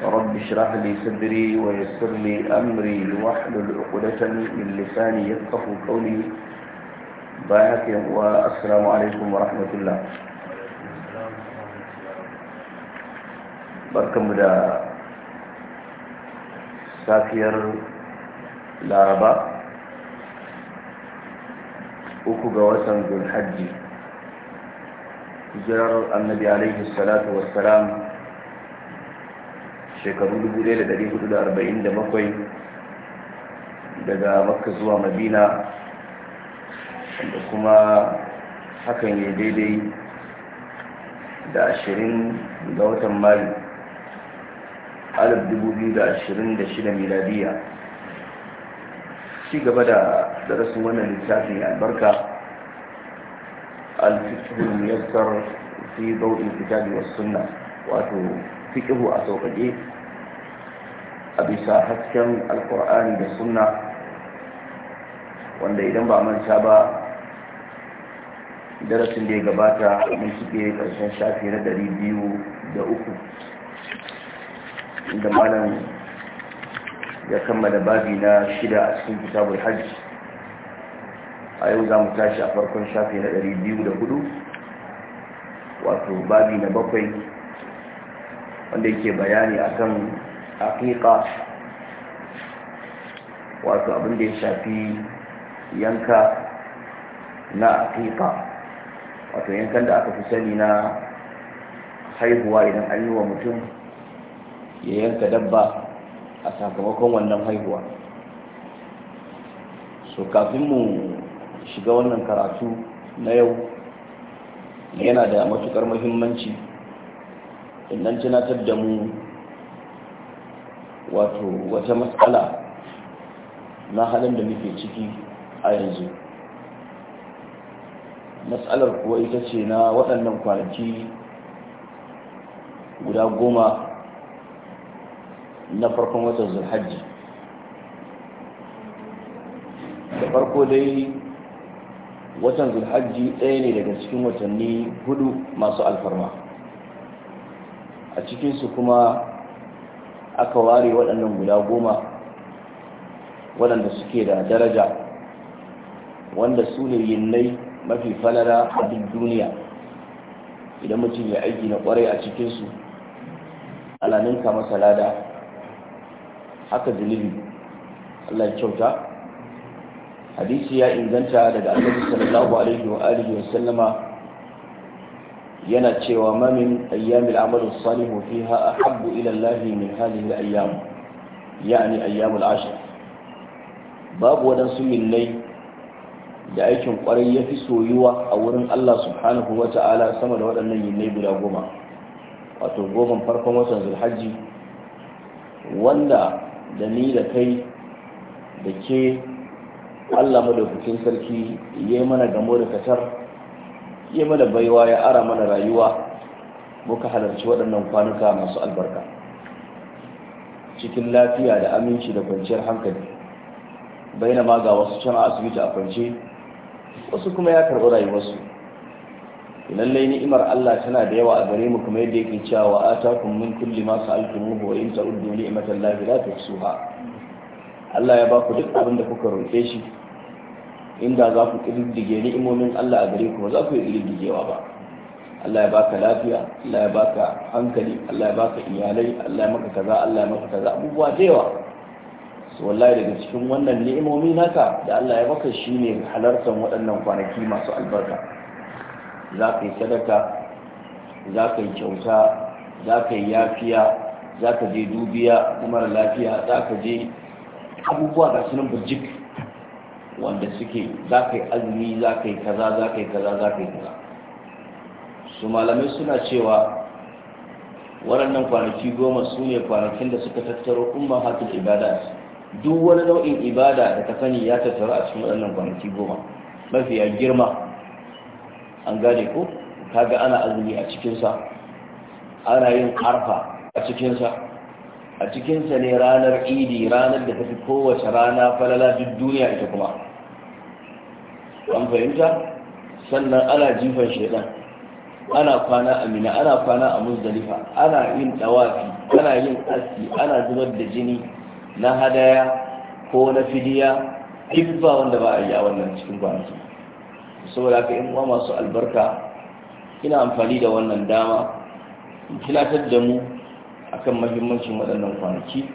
رب اشرح لي صدري ويسر لي امري واحلل عقدة من لساني يفقه قولي بارك والسلام عليكم ورحمة الله بارك مدى ساكير لاربا uku ga watan gulhajji jirar annabi alaihi salatu wassalam salam shekaru 1447 daga makka zuwa madina da kuma hakan ya daidai da ashirin ga watan mari shida miladiya ci gaba da darasin wannan littafin albarka alfikihun muyassar fi zau'in kitabi wasu sunna wato fikihu a sauƙaƙe a bisa hasken alkur'ani da sunna wanda idan ba manta ba darasin da ya gabata mun suke karshen shafi na ɗari biyu da uku inda malam ya kammala babi na shida a cikin kitabul hajji a yau za mu tashi a farkon shafi na ɗari biyu da hudu wato babi na bakwai wanda yake bayani akan aqiqa wato abin da ya shafi yanka na aqiqa wato yankan da aka fi sani na haihuwa idan an yi wa mutum ya yanka dabba a sakamakon wannan haihuwa so kafin mu shiga wannan karatu na yau yana da matukar muhimmanci idan tunatar da mu wato wata matsala na halin da muke ciki a yanzu matsalar kuwa ita ce na waɗannan kwanaki guda goma na farkon watan zulhajji da farko dai watan zulhajji ɗaya ne daga cikin watanni hudu masu alfarma a cikinsu kuma aka ware waɗannan guda goma waɗanda suke da daraja wanda su ne yinnai mafi falara a duk duniya idan mutum ya aiki na kwarai a cikinsu ana ninka masa lada haka zunubi Allah ya kyauta hadisi ya inganta daga annabi sallallahu alaihi wa alihi wa sallama yana cewa mamin ayyamil amalu salihu fiha ahabbu ila Allah mai hadhihi al ayyamu, yani ayyamul ashir. babu waɗansu yinnai da aikin kwarai fi soyuwa a wurin Allah subhanahu wata'ala sama da waɗannan yinnai guda goma wato goma farkon watan zulhajji wanda da ni da kai da ke Allah madaukakin sarki yayi mana gamo da katar ya mana baiwa ya ara mana rayuwa muka halarci waɗannan kwanuka masu albarka cikin lafiya da aminci da kwanciyar hankali Baina ma ga wasu can a asibiti a kwance wasu kuma ya karɓi rayuwarsu lallai ni'imar Allah tana da yawa a gare mu kuma yadda yake cewa wa atakum min kulli ma sa'altumuhu wa in ta'uddu ni'matallahi la tuhsuha Allah ya ba ku duk abin da kuka roƙe shi inda za ku ƙididdige ni'imomin Allah a gare ku ba za ku yi ƙididdigewa ba Allah ya baka lafiya Allah ya baka hankali Allah ya baka iyalai Allah ya maka kaza Allah ya maka kaza abubuwa da yawa so wallahi daga cikin wannan ni'imomi naka da Allah ya maka shine halartar waɗannan kwanaki masu albarka za ka yi sadaka za ka yi kyauta za ka yi yafiya za ka je dubiya kuma mara lafiya za ka je abubuwa ga sunan burjik wanda suke za ka yi azumi za ka yi kaza za ka yi kaza za ka yi kaza su malamai suna cewa waɗannan kwanaki goma su ne kwanakin da suka tattaro umar hatul ibada duk wani nau'in ibada da ka sani ya tattaro a cikin waɗannan kwanaki goma mafi mafiya girma an gane ko ga ana azumi a cikinsa ana yin arfa a cikinsa a cikinsa ne ranar idi ranar da tafi kowace rana falala duk duniya ita kuma an fahimta sannan ana jifan shaidan ana kwana a mina ana kwana a muzdalifa ana yin tawafi ana yin aski ana zubar da jini na hadaya ko na fidiya duk ba wanda ba a yi a wannan cikin kwanaki saboda haka in masu albarka ina amfani da wannan dama tunatar da mu akan mahimmancin waɗannan kwanaki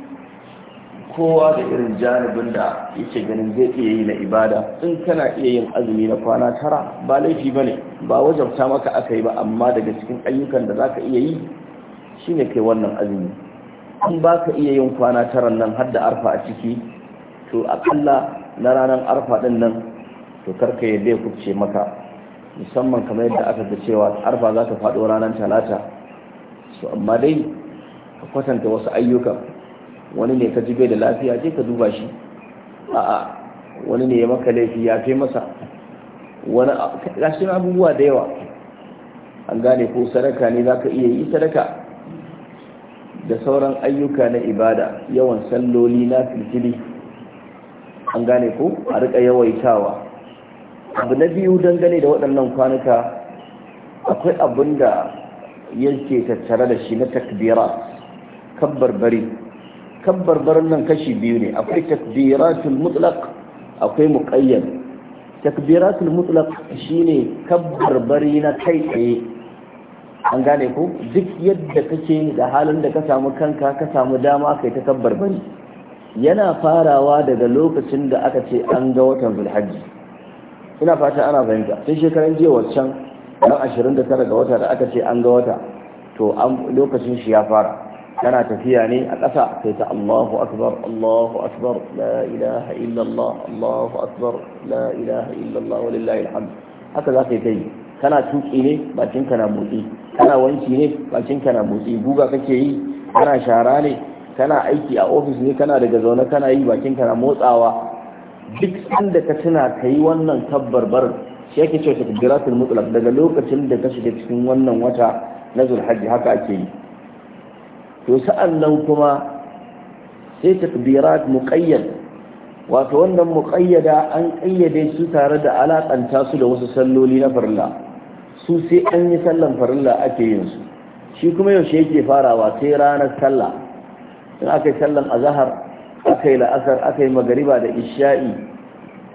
kowa da irin janibin da yake ganin zai iya yi na ibada in kana iya yin azumi na kwana tara ba laifi ba ne ba wajabta maka aka yi ba amma daga cikin ayyukan da zaka iya yi shine kai wannan azumi in baka iya yin kwana tara nan har da arfa a ciki to akalla na ranar arfa ɗin nan to karka ya ya kubce maka musamman kamar yadda aka ga cewa arfa za ta faɗo ranar talata to amma dai ka kwatanta wasu ayyuka wani ne ka ji da lafiya je ka duba shi a'a wani ne ya maka laifi ya fi masa wani na abubuwa da yawa an gane ko sadaka ne za ka iya yi sadaka da sauran ayyuka na ibada yawan salloli na filfili an gane ko a rika yawaitawa abu na biyu dangane da waɗannan kwanuka akwai abin da yake tattare da shi na takbira kabbar bari kabbar barin nan kashi biyu ne akwai takbiratul mutlaq akwai muqayyad takbiratul mutlaq shine kabbar bari na kai tsaye an gane ko duk yadda kake da halin da ka samu kanka ka samu dama kai ta kabbar bari yana farawa daga lokacin da aka ce an ga watan zulhajji ina fata ana fahimta sai shekaran jiya waccan ran 29 ga wata da aka ce an ga wata to lokacin shi ya fara kana tafiya ne a ƙasa sai ta Allahu akbar Allahu akbar la ilaha illallah Allahu akbar la ilaha illallah walillahi alhamd haka za ka yi kai kana tuki ne bakin kana motsi kana wanki ne bakin kana motsi guga kake yi kana shara ne kana aiki a ofis ne kana daga zaune kana yi bakin kana motsawa duk sanda ka tuna ka yi wannan tabbarbar shi yake cewa takbiratul mutlaq daga lokacin da ka shiga cikin wannan wata na zulhajji haka ake yi to sa'an nan kuma sai takbirat muqayyad wato wannan muqayyada an qayyade su tare da alakanta su da wasu salloli na farilla su sai an yi sallan farilla ake yin su shi kuma yaushe yake farawa sai ranar sallah in aka yi sallan azhar aka yi la'asar aka yi magariba da isha'i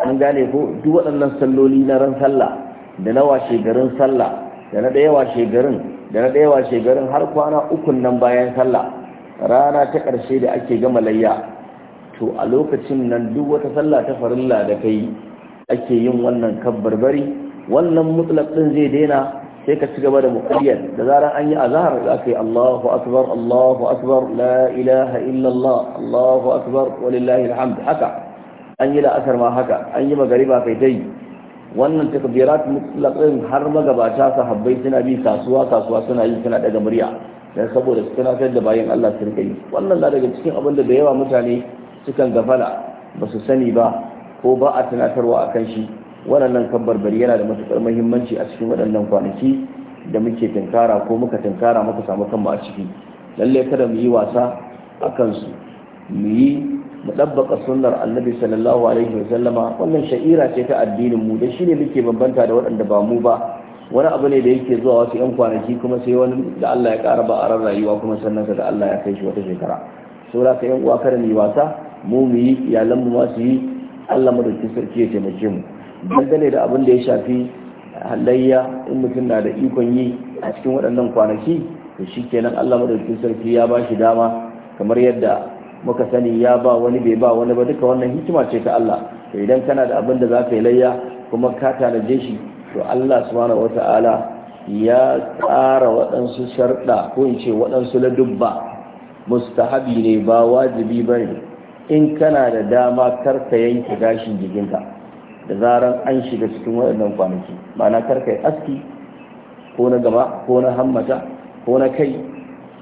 an gane ko duk waɗannan salloli na ran sallah da na washe garin sallah da na ɗaya washe garin da na ɗaya washe garin har kwana ukun nan bayan sallah rana ta ƙarshe da ake gama layya to a lokacin nan duk wata sallah ta farilla da yi ake yin wannan bari wannan mutlaq ɗin zai daina sai ka ci gaba da muqayyad da zaran an yi azhar za ka yi Allahu akbar Allahu akbar la ilaha illallah, Allahu akbar walillahi alhamd haka an yi la'asar ma haka an yi magariba kai dai wannan takbirat mutlaqin har magabata sahabbai suna bi kasuwa kasuwa suna yi suna daga murya dan saboda su tunatar da bayan Allah su rika wannan na daga cikin abin da yawa mutane sukan gafala ba su sani ba ko ba a tunatarwa akan shi wannan barbari yana da matukar muhimmanci a cikin waɗannan kwanaki da muke tinkara ko muka tinkara muka samu kanmu a ciki lalle kada mu yi wasa akan su mu yi mu ɗabbaka sunnar annabi sallallahu alaihi wa sallama wannan sha'ira ce ta addinin mu da shi ne muke bambanta da waɗanda ba mu ba wani abu ne da yake zuwa wasu yan kwanaki kuma sai wani da Allah ya ƙara ba a ran rayuwa kuma sannan ka da Allah ya kai shi wata shekara saboda ka yan uwa kada mu yi wasa mu mu yi iyalan mu ma su yi Allah madaukakin sarki ya taimake mu dangane da abin da ya shafi halayya in mutum na da ikon yi a cikin waɗannan kwanaki to shikenan Allah madaukakin sarki ya ba shi dama kamar yadda muka sani ya ba wani bai ba wani ba duka wannan hikima ce ta Allah to idan kana da abin da za ka yi layya kuma ka tanaje shi to Allah subhanahu wata'ala ya tsara waɗansu sharɗa ko in ce waɗansu ladubba mustahabi ne ba wajibi ba ne in kana da dama kar ka yanke gashin jikinka da zaran an shiga cikin waɗannan kwanaki ma'ana kar ka yi aski ko na gaba ko na hammata ko na kai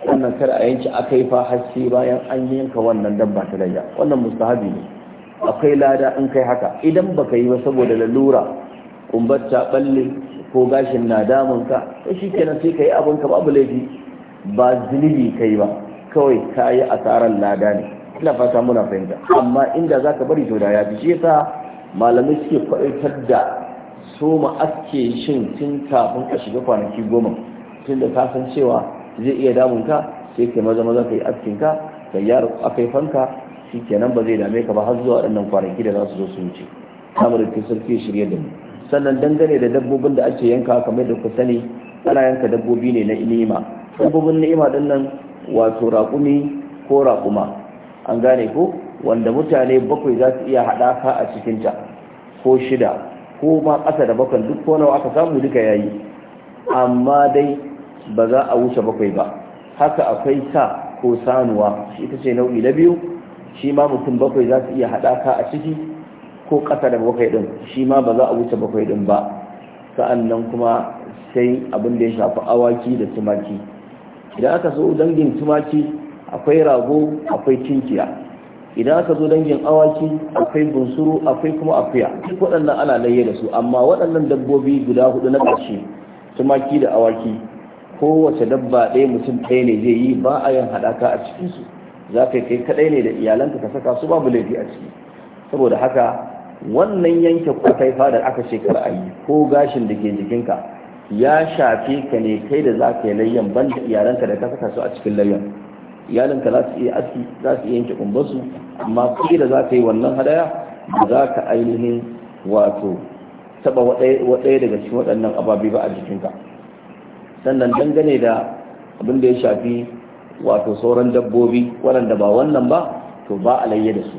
wannan kar a yanki aka yi fa bayan an yi yanka wannan dabba ta layya wannan mustahabi ne akwai lada in kai haka idan baka yi ba saboda lalura kumbata balle ko gashin na damun ka to shikenan sai kai abin ka babu laifi ba ka kai ba kawai ka yi asaran lada ne ina fata muna fahimta amma inda zaka bari to da ya fi shi yasa malamai suke kwaɗaitar da soma aske shin tun kafin ka shiga kwanaki goma tun da ka san cewa zai iya damunka sai kai maza maza ka yi askinka ka yar akai fanka nan ba zai dame ka ba har zuwa waɗannan kwanaki da za su zo su wuce samun da sarki shirye da mu sannan dangane da dabbobin da ake yanka kamar da ku sani ana yanka dabbobi ne na ni'ima dabbobin ni'ima din nan wato raƙumi ko raƙuma an gane ko wanda mutane bakwai za su iya haɗaka a cikinta ko shida ko ma ƙasa da bakwai duk ko nawa aka samu duka yayi amma dai ba za a wuce bakwai ba haka akwai sa ko sanuwa shi ita ce nau'i na biyu shi ma mutum bakwai za su iya haɗaka a ciki ko ƙasa da bakwai ɗin shi ma ba za a wuce bakwai ɗin ba sa'annan kuma sai abin da ya shafi awaki da tumaki idan aka so dangin tumaki akwai rago akwai cinkiya idan aka zo dangin awaki akwai bunsuru akwai kuma akuya duk waɗannan ana layye da su amma waɗannan dabbobi guda hudu na ƙarshe tumaki da awaki kowace dabba ɗaya mutum ɗaya ne zai yi ba a yin haɗaka a cikinsu za ka kai kaɗai ne da iyalanka ka saka su babu laifi a ciki saboda haka wannan yanke kai da aka shekar a yi ko gashin da ke jikinka ya shafe ka ne kai da za ka yi layyan ban da iyalanka da ka saka su a cikin layyan iyalanka za su iya aski za su yanke kumbarsu amma kai da za ka yi wannan hadaya ba za ka ainihin wato taɓa waɗaya daga cikin waɗannan ababe ba a jikinka sannan dangane da abin da ya shafi wato sauran dabbobi waɗanda ba wannan ba to ba a layye da su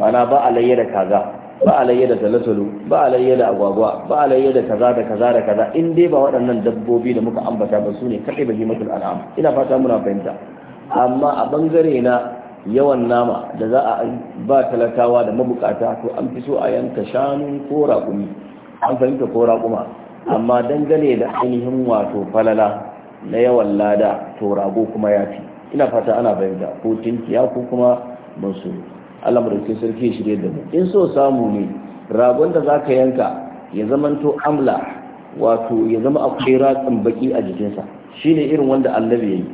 mana ba a layye da kaza ba a layye da talatalo ba a layye da agwagwa ba a layye da kaza da kaza da kaza in dai ba waɗannan dabbobi da muka ambata ba su ne kaɗai ba himatul al'am ina fata muna fahimta amma a bangare na yawan nama da za a ba talatawa da mabukata to an fi so a yanka shanu ko raƙumi an fahimta ko raƙuma amma dangane da ainihin wato falala na yawan lada to rago kuma ya fi ina fata ana fahimta ko tinkiya ko kuma masu Allah madaukakin sarki shirye da mu in so samu ne ragon da zaka yanka ya zamanto amla wato ya zama akwai ratsin baki a jikinsa shine irin wanda annabi yi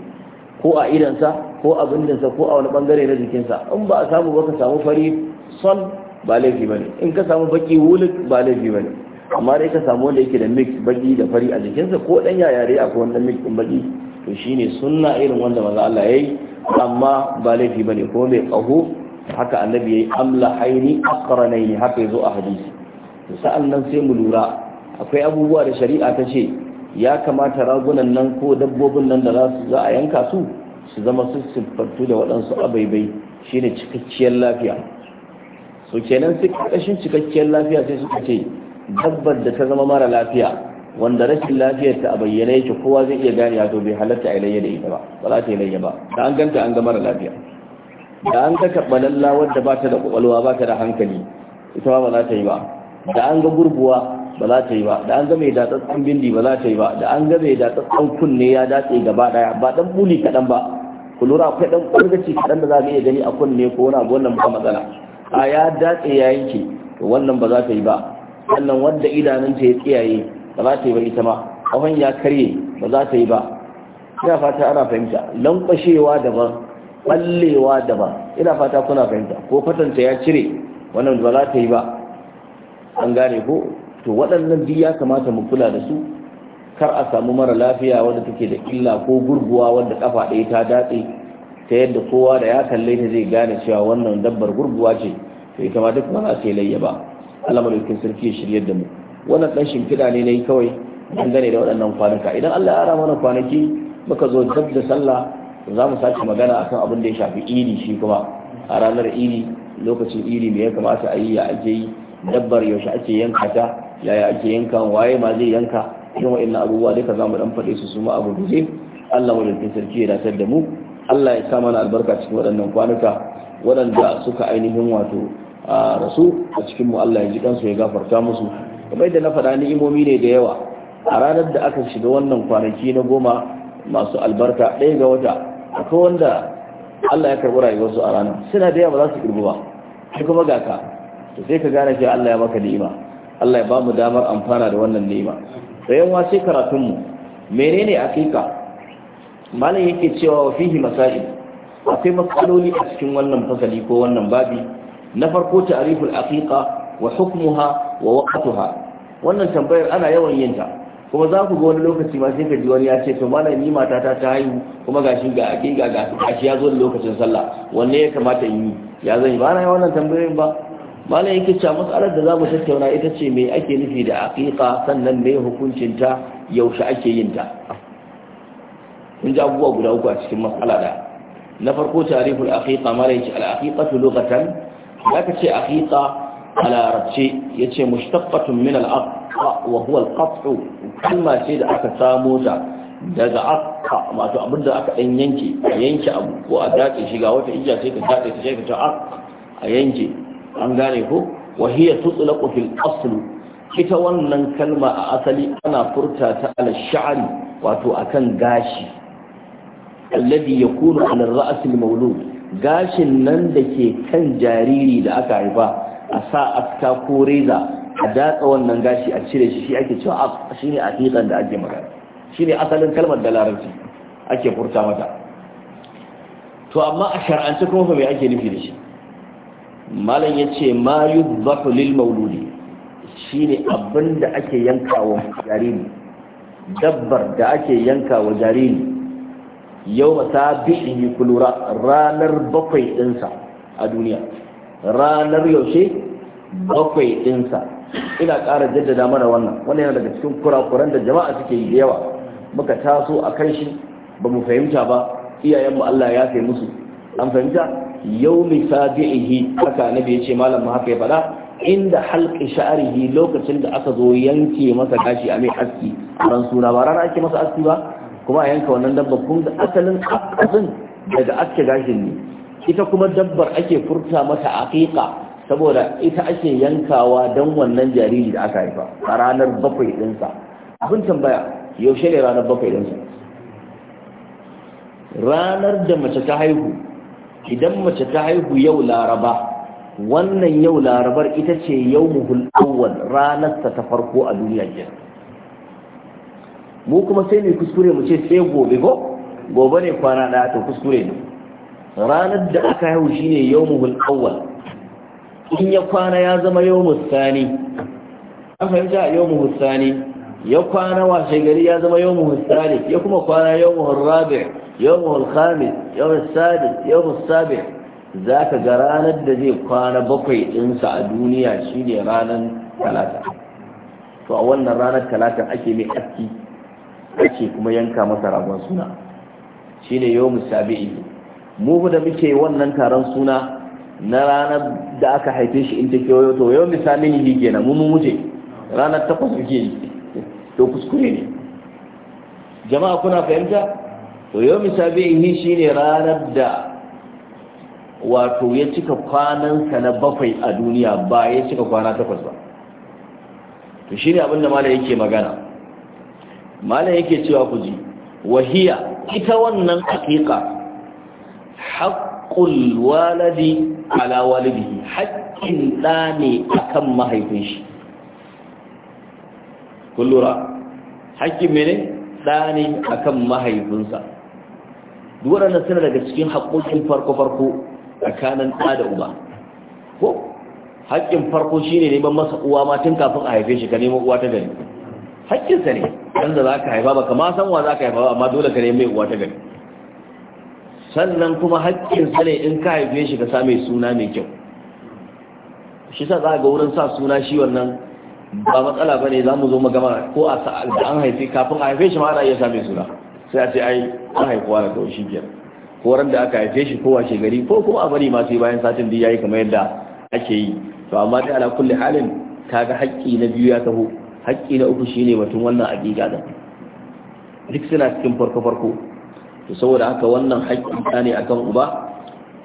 ko a idansa ko a bindinsa ko a wani bangare na jikinsa in ba a samu ba ka samu fari son ba laifi bane in ka samu baki wulik ba laifi bane amma dai ka samu wanda yake da mix baki da fari a jikinsa ko dan yayare akwai wanda mix din baki to shine sunna irin wanda manzo Allah yayi amma ba laifi ba ne ko mai kaho haka annabi yayi amla haini aqranaini haka zo a hadisi to sa'an nan sai mu lura akwai abubuwa da shari'a ta ce ya kamata ragunan nan ko dabbobin nan da za za a yanka su su zama su da waɗansu abaibai shine cikakkiyar lafiya so kenan sai kashin cikakkiyar lafiya sai suka ce dabbar da ta zama mara lafiya wanda rashin lafiyar ta a bayyane yake kowa zai iya gane to bai halatta a layya da ita ba ba za ta layya ba da an ganta an ga mara lafiya da an ga kabbalalla wadda ba ta da kwakwalwa ba ta da hankali ita ba za ta yi ba da an ga gurguwa ba za ta yi ba da an ga mai datsatsan bindi ba za ta yi ba da an ga mai datsatsan kunne ya datse gaba daya ba dan buli kadan ba ku lura akwai dan kurgaci kadan da za ka iya gani a kunne ko wani abu wannan ba matsala a ya datse ya yanke to wannan ba za ta yi ba sannan wanda idanunta ya tsiyaye ba za ta yi ba ita ma kafan ya karye ba za ta yi ba ina fata ana fahimta lankwashewa daban ballewa daban ina fata kuna fahimta ko fatanta ya cire wannan ba za ta yi ba an gane ko to waɗannan duk ya kamata mu kula da su kar a samu mara lafiya wadda take da illa ko gurguwa wadda kafa ɗaya ta datse ta yadda kowa da ya kalle ta zai gane cewa wannan dabbar gurguwa ce to ita ma duk ba za ta yi layya ba Allah sarki ya shirya da mu wannan dan shimfiɗa ne nayi kawai dangane da waɗannan kwanuka idan Allah ya ara mana kwanaki muka zo dab da sallah za mu sake magana akan abin da ya shafi idi shi kuma a ranar idi lokacin idi mai ya kamata a yi ya ake yi dabbar yaushe ake yanka ta yaya ake yanka waye ma zai yanka irin waɗannan abubuwa duka za mu dan faɗe su su ma abu guje Allah madaukakin sarki ya datar da mu Allah ya sa mana albarka cikin waɗannan kwanuka waɗanda suka ainihin wato rasu a cikin mu Allah ya ji kansu ya gafarta musu kamar da na faɗa ni'imomi ne da yawa a ranar da aka shiga wannan kwanaki na goma masu albarka ɗaya ga wata akwai wanda Allah ya karɓi rayuwarsu a ranar suna da yawa za su kirgu ba sai kuma ga ka to sai ka gane cewa Allah ya maka ni'ima Allah ya ba mu damar amfana da wannan ni'ima to yan sai karatun mu menene hakika malam yake cewa wa fihi masail akwai matsaloli a cikin wannan fasali ko wannan babi na farko ta'riful وحكمها ووقتها wa waqtuha wannan tambayar ana yawan yinta. kuma za ku ga wani lokaci ma sai ka ji wani ya ce to mana ni matata ta haihu kuma gashi ga ake ga gashi ya zo da lokacin sallah wanne ya kamata in yi ya zan yi ba na wannan tambayoyin ba malam yake cewa mas'alar da za mu tattauna ita ce me ake nufi da aqiqa sannan me hukuncin ta yaushe ake yin ta kun ji abubuwa guda uku a cikin matsala da na farko tarihul aqiqa malam yake al aqiqatu lughatan zaka ce aqiqa a larabce yace mushtaqqatun min al-aqqa wa huwa al-qat'u kalma ce da aka samu ta daga aqqa wato abinda aka dan yanke yanke abu ko a dace shiga wata ija ce ka dace ta ta aqqa a yanke an gane ko wa hiya tutlaqu fil asl ita wannan kalma a asali ana furta ta ala sha'ri wato akan gashi alladhi yakunu ala ar-ra's al-mawlud gashin nan da ke kan jariri da aka haifa a sa aska ko reza a datsa wannan gashi a cire shi shi ake cewa a shi ne aqiqan da ake magana shi ne asalin kalmar da larabci ake furta mata to amma a shar'ance kuma fa me ake nufi da shi malam ya ce ma yudbahu lil mauludi Shi ne abin da ake yanka wa jariri dabbar da ake yanka wa jariri yau mata yi kulura ranar bakwai ɗinsa a duniya ranar yaushe bakwai ɗinsa ina ƙara jaddada mana wannan wannan yana daga cikin kurakuran da jama'a suke yi da yawa muka taso a kan shi ba mu fahimta ba iyayenmu Allah ya kai musu an fahimta yau misabi'ihi haka nabi ya ce malam haka ya faɗa inda halƙi sha'arihi lokacin da aka zo yanke masa gashi a mai aski ran suna ba rana ake masa aski ba kuma a yanka wannan dabbar kun da asalin akasin daga aske gashin ne ita kuma dabbar ake furta mata aqiqa saboda ita ake yankawa don wannan jariri da aka haifa a ranar bakwai ɗinsa abin tambaya yaushe ne ranar bakwai ɗinsa ranar da mace ta haihu idan mace ta haihu yau laraba wannan yau larabar ita ce yau muhul awwal ranarsa ta farko a duniya kenan mu kuma sai mai kuskure mu ce sai gobe ko gobe ne kwana ɗaya to kuskure ne ranar da aka yau shine yawmuhul awwal in ya kwana ya zama yawmus sani an fahimta yawmuhul sani ya kwana washe gari ya zama yawmuhul sani ya kuma kwana yawmuhul rabi' yawmuhul khamis yau sadis yawmus Za ka ga ranar da zai kwana bakwai ɗinsa a duniya shine ranar talata to a wannan ranar talatan ake mai aski ake kuma yanka masa ragon suna shine yawmu sabi'i mu da muke wannan taron suna na ranar da aka haife shi in ta kewayo to yau ni ne kenan mu muje ranar takwas suke yi to kuskure ne jama'a kuna fahimta to yau misali yi shi ne ranar da wato ya cika kwanansa na bakwai a duniya ba ya cika kwana takwas ba to shi ne abinda mala yake magana malam yake cewa ku ji wahiya ita wannan haƙiƙa haqqul waladi ala walidihi haƙƙin ɗa ne akan mahaifin shi kullura haƙƙin mene ɗa ne akan mahaifinsa duk wannan suna daga cikin haƙƙoƙin farko-farko tsakanin ɗa da uba ko haƙƙin farko shine neman masa uwa ma tun kafin a haife shi ka neman uwa ta gari haƙƙinsa ne dan da ka haifa ba kama san wa ka haifa amma dole ka nemi uwa ta gari sannan kuma haƙƙin ne in ka haife shi ka sa mai suna mai kyau shi sa za ga wurin sa suna shi wannan ba matsala ba ne za mu zo magama ko a da an haife kafin a haife shi ma ana iya sa mai suna sai a ce ai an haifuwa na kawai shi biyar ko ran da aka haife shi ko washe gari ko kuma a bari ma sai bayan satin da yayi kamar yadda ake yi to amma dai ala kulli halin kaga haƙƙi na biyu ya taho haƙƙi na uku shine batun wannan aƙiƙa da duk suna cikin farko farko to saboda haka wannan haƙƙi ne akan uba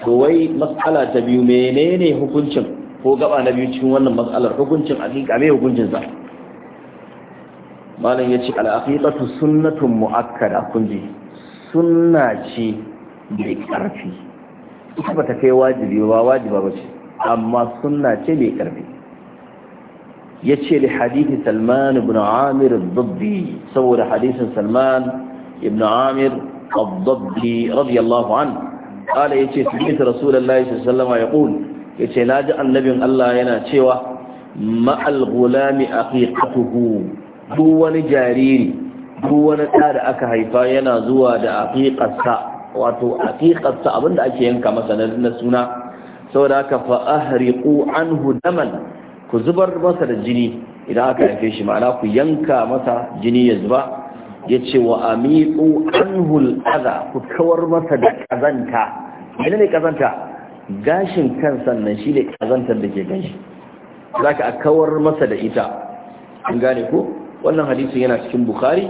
to wai matsala ta biyu menene hukuncin ko gaba na biyu cikin wannan matsalar hukuncin aƙiƙa mai hukuncin sa malam yace al-aqiqatu sunnatun mu'akkada kunji sunna ce mai ƙarfi ita bata kai wajibi ba wajiba bace amma sunna ce mai ƙarfi ya ce li hadithi salman ibn amir dabbi saboda hadisin salman ibn amir الضبي رضي الله عنه قال يتي سمعت رسول الله صلى ya عليه ya ce na ناجي النبي allah yana cewa ma al-gulami aqiqatuhu duk wani jariri duk wani da aka haifa yana zuwa da aqiqarsa wato aqiqarsa abinda ake yanka masa na suna saboda aka fa ahriqu anhu daman ku zubar masa da jini idan aka haife shi ma'ana ku yanka masa jini ya zuba ya ce wa amiƙu anhul aza ku kawar masa da ƙazanta ina ne ƙazanta gashin kan sannan shi ne ƙazantar da ke gashi. za ka kawar masa da ita an gane ko wannan hadisin yana cikin bukari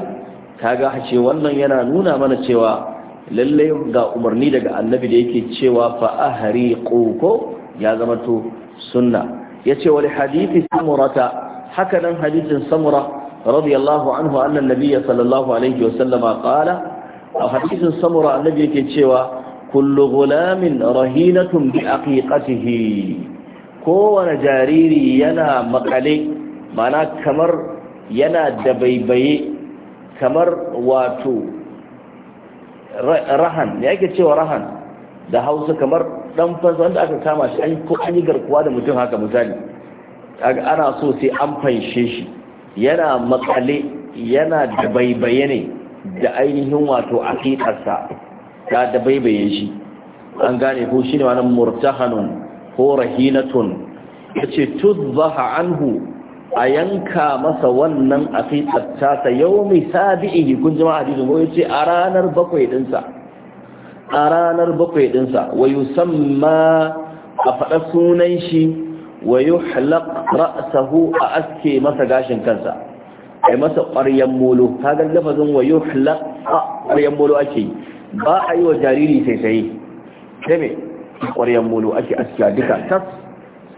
ta ga ce wannan yana nuna mana cewa lallai ga umarni daga annabi da yake cewa fa'ahari ko ya zama to sunna yace wal hadithi samurata haka nan hadithin samura radiyallahu anhu annan nabiyya sallallahu alaihi wasallama qala a hadithin samura annabi yake cewa kullu gulamin rahinatun bi aqiqatihi kowane jariri yana makale mana kamar yana da baibaye kamar wato rahan ya yake cewa rahan da hausa kamar dan fansa wanda aka kama shi an ko an yi garkuwa da mutum haka misali ana so sai an fanshe shi yana matsale yana da baibaye ne da ainihin wato aqidarsa ta da baibaye shi an gane ko shine wannan murtahanun ko rahinatun yace tudbaha anhu a yanka masa wannan aqidarsa ta yawmi sabihi kun jama'a hadisin ko yace a ranar bakwai dinsa a ranar bakwai ɗinsa, wa yusamma a faɗa sunan shi wa halak ra'asahu a aske masa gashin kansa ai masa ƙwaryan molo kaga lafazin wa a ƙwaryan molo ake ba a yi wa jariri sai sai sai ƙwaryan molo ake a duka tas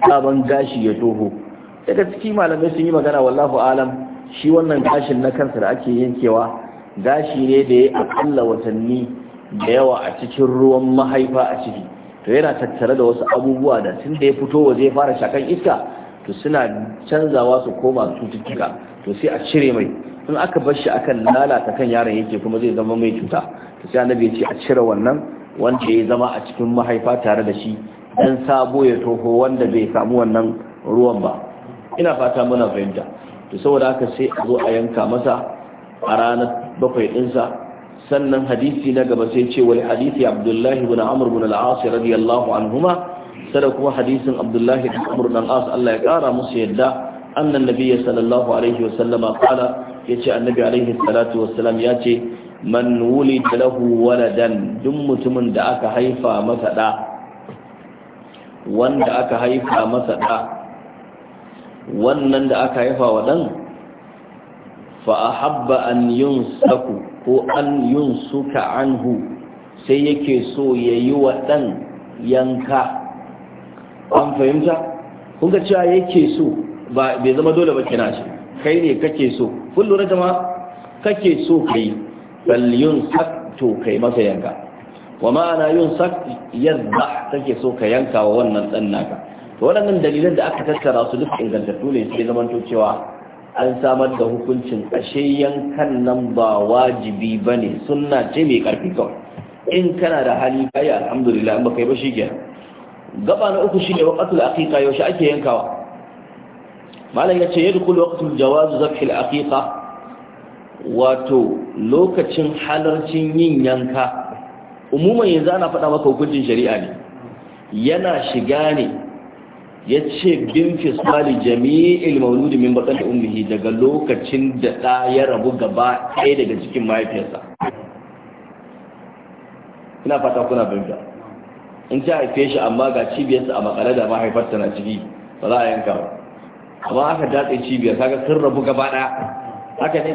sabon gashi ya toho daga ciki malamai sun yi magana wallahu alam shi wannan gashin na kansa da ake yankewa gashi ne da ya akalla watanni da yawa a cikin ruwan mahaifa a ciki to yana tattare da wasu abubuwa da tun da ya fito waje ya fara shakan iska to suna canzawa su koma cututtuka to sai a cire mai in aka bar shi akan lalata kan yaron yake kuma zai zama mai cuta to sai annabi ya ce a cire wannan wanda ya zama a cikin mahaifa tare da shi dan sabo ya toho wanda bai samu wannan ruwan ba ina fata muna fahimta to saboda haka sai a zo a yanka masa a ranar bakwai dinsa. sannan hadisi na gaba sai ce wal hadisi abdullahi ibn amr ibn al-as radiyallahu anhuma sada kuma hadisin abdullahi ibn amr ibn al-as Allah ya kara musu yadda annan nabiyyi sallallahu alaihi wa sallama qala yace annabi alaihi salatu wa salam yace man wulida lahu waladan duk mutumin da aka haifa masa da wanda aka haifa masa da wannan da aka haifa wa dan fa ahabba an yunsaku ko an yin suka anhu sai yake so ya yi wa ɗan yanka an fahimta Kuka cewa yake so ba bai zama dole ba kina shi kai ne kake so Kullum na jama kake so kai bal yun sakto to kai masa yanka wa ma'ana yin sak yadda kake so ka yanka wa wannan ɗan naka waɗannan dalilan da aka tattara su duk ingantattu ne sai zamanto cewa an samar da hukuncin ashe yankan nan ba wajibi ba ne suna ce mai ƙarfi kawai in kana da hali kayi alhamdulillah in ba kai ba shi gina gaba na uku shi shine waqtul aqiqa yaushe ake yankawa malam yace kula waqtul jawazu zabhil aƙiƙa. wato lokacin halarcin yin yanka umuman yanzu ana faɗa maka hukuncin shari'a ne yana shiga ne ya ce bin fisali jami'il mauludi min bakan da ummihi daga lokacin da ɗa ya rabu gaba ɗaya daga cikin mahaifiyarsa ina fata kuna ta. in ta haife shi amma ga cibiyarsa a makale da mahaifarta na ciki ba za a yanka ba amma aka datse cibiyar ta ga sun rabu gaba ɗaya haka ne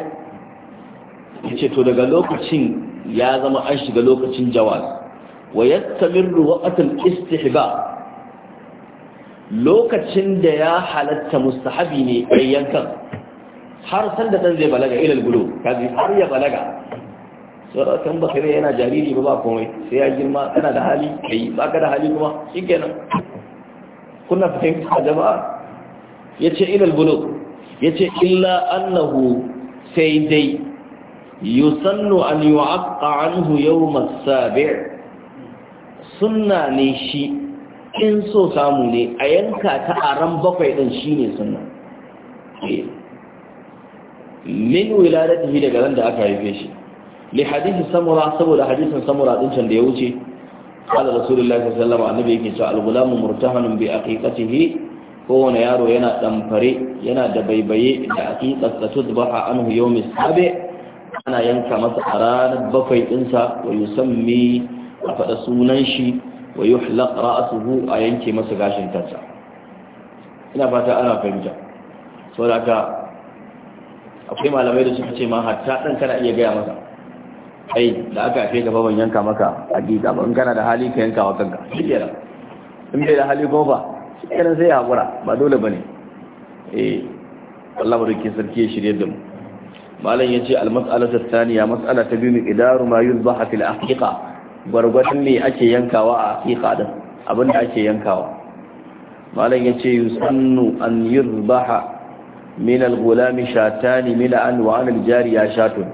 ya ce to daga lokacin ya zama an shiga lokacin jawaz wa yastamirru waqtal istihba lokacin da ya halatta mustahabi ne a yankan har san ɗan zai balaga ilal gulo kaji har ya balaga saurakan bakare yana jariri ba ba komai sai ya girma tana da hali kai ba ka da hali kuma shi kenan kuna fahimta jama'a ya ce ilal gulo ya ce illa annahu sai dai sannu an yu'aqqa anhu yawm as-sabi' suna ne shi in so samu ne a yanka ta a ran bakwai ɗin shi ne suna eh. min wiladatihi daga ran da aka haife shi li hadisi samura saboda hadisin samura ɗin can da ya wuce qala rasulullahi sallama alaihi annabi yake cewa al-ghulamu murtahanun bi aqiqatihi kowane yaro yana damfare yana da baibaye da aqiqat ta tudbaha anhu yawm sabi ana yanka masa a ranar bakwai ɗinsa wa yusammi a faɗa sunan shi wa yuhlaq ra'suhu a yanke masa gashin kansa ina fata ana fahimta saboda haka akwai malamai da suka ce ma hatta dan kana iya gaya masa ai da aka ce gaba ban yanka maka a. hakika ba in kana da hali ka yanka wa kanka shikenan in bai da hali ko ba shikenan sai ya hakura ba dole ba ne. eh Allah barke sarki ya shirye da mu malam yace al-mas'alatu thaniya mas'ala ta biyu idaru ma yuzbaha fil aqiqa gwargwadon me ake yankawa a aqiqa din abinda ake yankawa malam ya ce yace sannu an yurbaha min al-gulami shatani mil'an wa 'an jari jariya shatun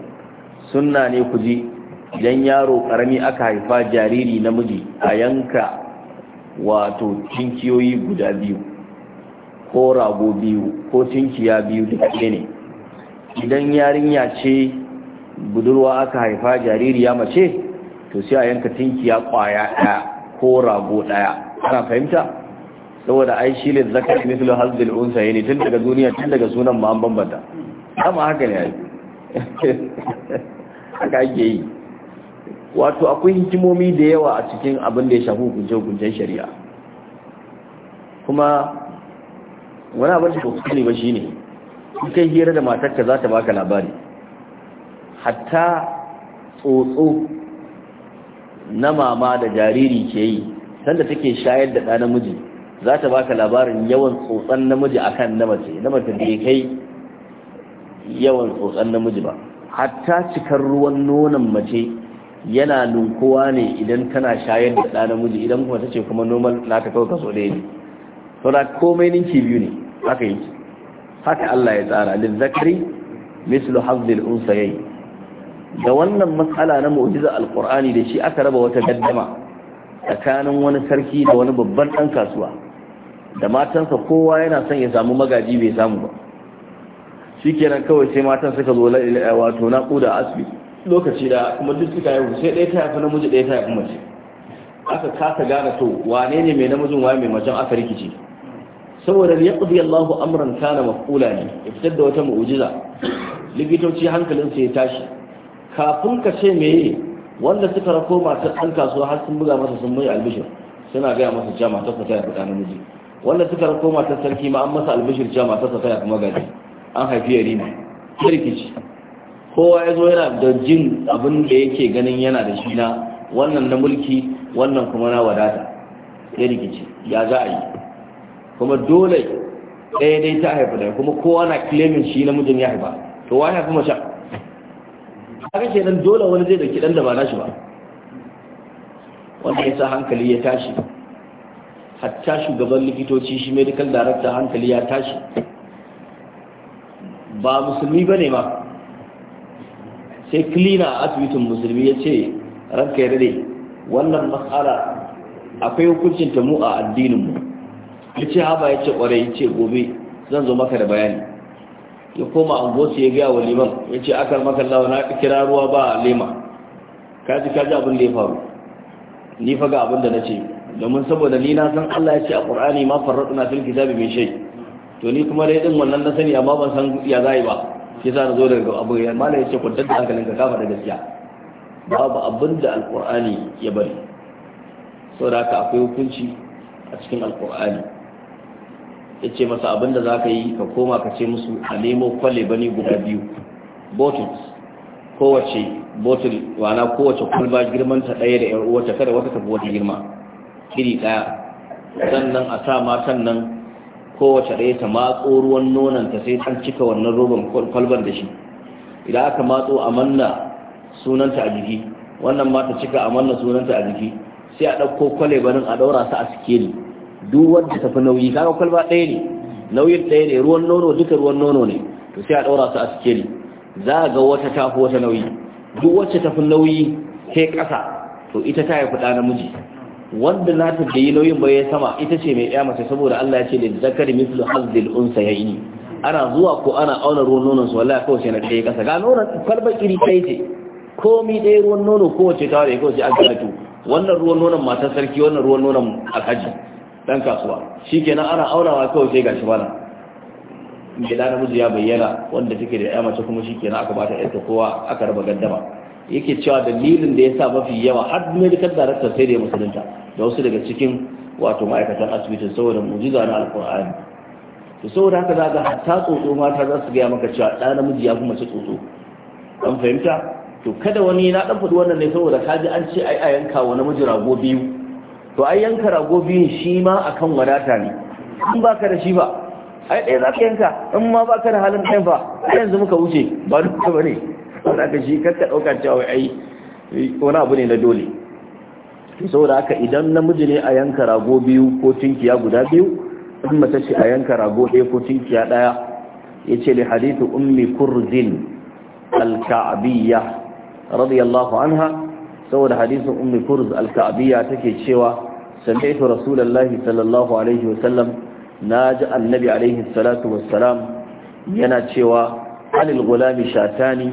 sunna ne ku ji don yaro karami aka haifa jariri namiji a yanka wato tinkiyoyi guda biyu ko rago biyu ko cinkiya biyu da ke ne idan yarinya ce budurwa aka haifa jaririya mace to sai a yanka tinkiya kwaya ɗaya ko rago ɗaya ana fahimta saboda ai shi ne zakar mislu hazil unsa ne tun daga duniya tun daga sunan ma an bambanta amma haka ne ai haka ake yi wato akwai hikimomi da yawa a cikin abin da ya shafi hukunce-hukuncen shari'a kuma wani abin da kuka ne ba shi ne kuka hira da matarka za ta baka labari hatta tsotso na mama da jariri ke yi sanda take shayar da ɗa namiji za ta baka labarin yawan tsotsan namiji akan na mace na mace bai kai yawan tsotsan namiji ba hatta cikar ruwan nonon mace yana lunkowa ne idan tana shayar da ɗa namiji idan kuma ta ce kuma normal na ta kawai kaso ɗaya ne to da komai ninki biyu ne haka yi haka Allah ya tsara lil zakari mislu hazzil yai. da wannan matsala na mu'jiza alqur'ani da shi aka raba wata gaddama tsakanin wani sarki da wani babban dan kasuwa da matansa kowa yana son ya samu magaji bai samu ba shikenan kawai sai matan suka zo wato kuda asibiti lokaci da kuma duk suka yi sai ɗaya ta yafi namiji ɗaya ta yafi mace aka kasa gane to wane ne mai namijin waye mai macen aka rikice saboda ya ƙudi Allahu amran kana maf'ula ne ya fitar da wata mu'jiza likitoci hankalinsa ya tashi kafin ka ce meye wanda suka rako masu ɗan kasuwa har sun buga masa sun mai albishir suna gaya masa ja ta ta ya fita namiji wanda suka rako masu sarki ma an masa albishir ja matar ta ya kuma gaji an haifi Ya kirkici kowa ya zo yana da jin abin da yake ganin yana da shi na wannan na mulki wannan kuma na wadata ya rikici ya za a yi kuma dole ɗaya dai ta haifa da kuma kowa na claiming shi namijin ya haifa to wa haifi mace ke nan dole wani zai dauki dan da ba nashi ba wanda yasa hankali ya tashi hatta shugaban likitoci shi medical director hankali ya tashi ba musulmi ba ne ma sai cleaner asibitin musulmi ya ce ranka ya dade wannan matsala akwai hukuncin ta mu a addininmu ya ce haba ya ce kwarai ce gobe zan zo maka da bayani ya koma angosu ya gaya wa liman ya ce makalla wa na kira ruwa ba lema kaji kaji abin da ya faru ni fa ga abin da na ce domin saboda ni na san Allah ya ce a Qur'ani ma na fil kitabi min shay to ni kuma dai din wannan na sani amma ban san ya zai ba sai sa na zo daga abu ya mallaka ya ce ku tantance hankalin ka kafa da gaskiya babu abin da alqur'ani ya bari saboda haka akwai hukunci a cikin alqur'ani ya ce masa abinda za ka yi ka koma ka ce musu a nemo ni guda biyu bottles kowace bottle wana kowace kulba girmanta ɗaya da ‘yar uwata kada wata tafi wata girma kiri ɗaya sannan a sa matan nan kowace ɗaya ta matso ruwan nonon ta sai an cika wannan roban kwalban da shi idan aka matso a manna sunanta a jiki wannan mata cika a manna sunanta a jiki sai a ɗauko kwalebanin a ɗaura su a sikeli duk wanda tafi nauyi kaga kwalba ɗaya ne nauyin ɗaya ne ruwan nono duka ruwan nono ne to sai a ɗaura su a sikeli za a ga wata tafi wata nauyi duk wacce tafi nauyi sai ƙasa to ita ta yi ɗa namiji wanda na ta da yi nauyin bai sama ita ce mai ɗaya mace saboda Allah ya ce da zakari mislu hazil unsa yi ana zuwa ko ana auna ruwan nonon su wallahi kawai sai na ɗaya ƙasa ga nonon kwalba iri ɗaya ce komi ɗaya ruwan nono kowace ta ya kawai sai an ga wannan ruwan nonon matar sarki wannan ruwan nonon kaji ɗan kasuwa shi shikenan ana aunawa kawai sai ga shi bana mai da namiji ya bayyana wanda take da ya mace kuma shikenan aka bata yarta kowa aka raba gandama. yake cewa dalilin da ya sa mafi yawa har medical director sai da ya musulunta da wasu daga cikin wato ma'aikatan asibitin saboda mujiza na alkur'ani to saboda haka zaka hatta tsotso mata za su gaya maka cewa ɗa namiji ya fi mace tsotso an fahimta to kada wani na ɗan faɗi wannan ne saboda kaji an ce ai a yanka wa namiji rago biyu to ai yanka rago biyun shi ma akan wadata ne in ba ka da shi ba ai ɗaya za ka yanka in ma ba ka da halin ɗayan ba yanzu muka wuce ba duka ba ne wanda ka shi kakka ɗauka cewa ai wani abu ne na dole saboda haka idan namiji ne a yanka rago biyu ko tunkiya guda biyu in mace ce a yanka rago ɗaya ko tunkiya ɗaya ya ce da hadithu ummi kurzin alka'abiyya radiyallahu anha saboda hadisin ummi kurz alka'abiyya take cewa سمعت رسول الله صلى الله عليه وسلم ناجع النبي عليه الصلاة والسلام يناتشوا عن الغلام شاتاني